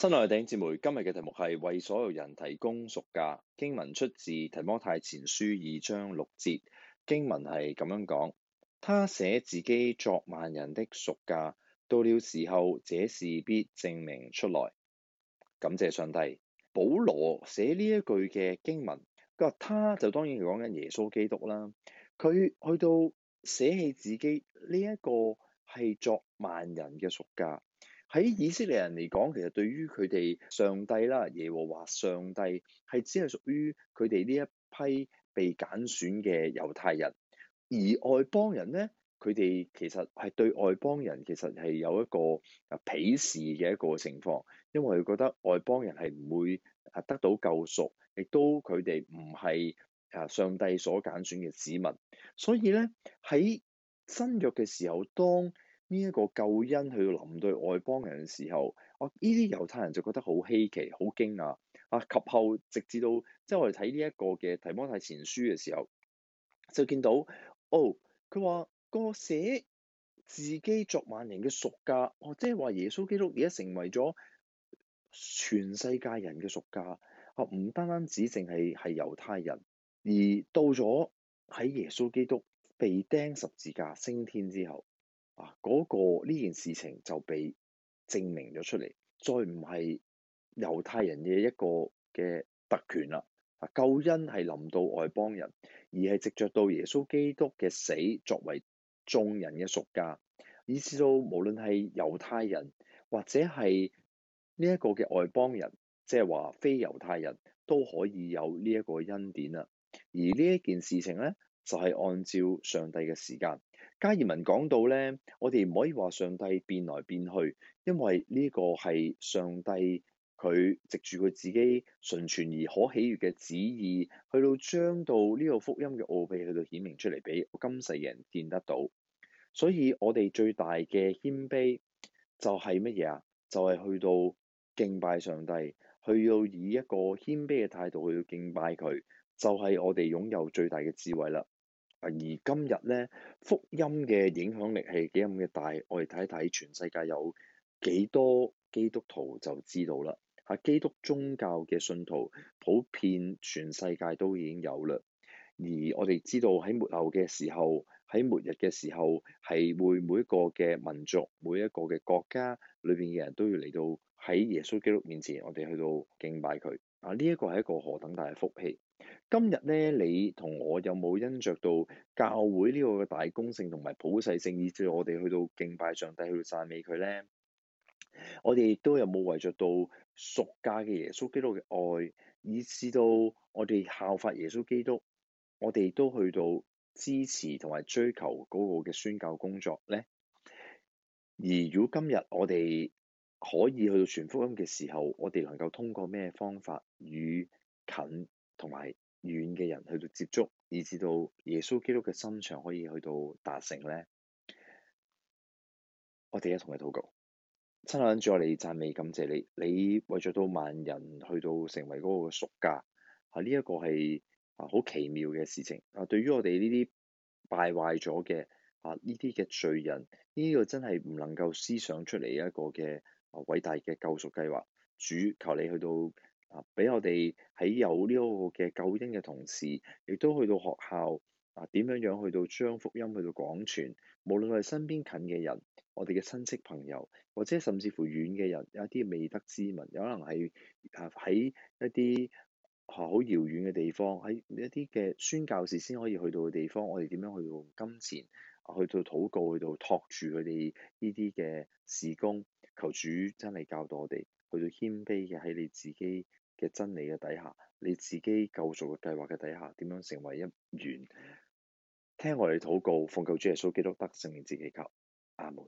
親愛的弟兄姊妹，今日嘅題目係為所有人提供贖價。經文出自提摩太前書二章六節，經文係咁樣講：他捨自己作萬人的贖價，到了時候，這事必證明出來。感謝上帝，保羅寫呢一句嘅經文，佢話他，他就當然係講緊耶穌基督啦。佢去到捨棄自己呢一，這個係作萬人嘅贖價。喺以色列人嚟講，其實對於佢哋上帝啦、耶和華上帝係只係屬於佢哋呢一批被揀選嘅猶太人，而外邦人咧，佢哋其實係對外邦人其實係有一個啊鄙視嘅一個情況，因為佢覺得外邦人係唔會啊得到救贖，亦都佢哋唔係啊上帝所揀選嘅子民，所以咧，喺新約嘅時候，當呢一個救恩去到臨對外邦人嘅時候，我呢啲猶太人就覺得好稀奇、好驚訝。啊，及後直至到即係、就是、我哋睇呢一個嘅提摩太前書嘅時候，就見到哦，佢話個寫自己作萬人嘅贖價，哦，即係話耶穌基督而家成為咗全世界人嘅贖價。啊，唔、啊、單單止淨係係猶太人，而到咗喺耶穌基督被釘十字架升天之後。嗱，嗰、這個呢件事情就被證明咗出嚟，再唔係猶太人嘅一個嘅特權啦。嗱，救恩係臨到外邦人，而係藉著到耶穌基督嘅死作為眾人嘅贖價，以至到無論係猶太人或者係呢一個嘅外邦人，即係話非猶太人都可以有呢一個恩典啦。而呢一件事情咧～就係按照上帝嘅時間。加爾文講到咧，我哋唔可以話上帝變來變去，因為呢個係上帝佢藉住佢自己純全而可喜悅嘅旨意，去到將到呢個福音嘅奧秘去到顯明出嚟俾今世人見得到。所以我哋最大嘅謙卑就係乜嘢啊？就係去到敬拜上帝，去到以一個謙卑嘅態度去到敬拜佢，就係我哋擁有最大嘅智慧啦。啊！而今日咧，福音嘅影響力係幾咁嘅大，我哋睇一睇全世界有幾多基督徒就知道啦。嚇，基督宗教嘅信徒普遍全世界都已經有啦。而我哋知道喺末後嘅時候，喺末日嘅時候，係會每一個嘅民族、每一個嘅國家裏邊嘅人都要嚟到喺耶穌基督面前，我哋去到敬拜佢。啊！呢一個係一個何等大嘅福氣。今日咧，你同我有冇因着到教會呢個嘅大公性同埋普世性，以至我哋去到敬拜上帝，去到讚美佢呢？我哋都有冇為着到捨己嘅耶穌基督嘅愛，以至到我哋效法耶穌基督，我哋都去到支持同埋追求嗰個嘅宣教工作呢？而如果今日我哋可以去到傳福音嘅時候，我哋能夠通過咩方法與近？同埋遠嘅人去到接觸，以至到耶穌基督嘅心腸可以去到達成咧。我哋一同你禱告，親愛主，我哋讚美感謝你，你為咗到萬人去到成為嗰個嘅贖價，啊呢一個係啊好奇妙嘅事情啊。對於我哋呢啲敗壞咗嘅啊呢啲嘅罪人，呢、這個真係唔能夠思想出嚟一個嘅偉大嘅救贖計劃。主求你去到。啊！俾我哋喺有呢個嘅救恩嘅同時，亦都去到學校啊，點樣樣去到將福音去到廣傳。無論我哋身邊近嘅人，我哋嘅親戚朋友，或者甚至乎遠嘅人，有一啲未得之民，有可能係啊喺一啲嚇好遙遠嘅地方，喺一啲嘅宣教士先可以去到嘅地方，我哋點樣去用金錢去到禱告，去到托住佢哋呢啲嘅事工。求主真理教導我哋，去到謙卑嘅喺你自己嘅真理嘅底下，你自己救贖嘅計劃嘅底下，點樣成為一員。聽我哋禱告，奉求主耶穌基督得聖靈自己樂，阿門。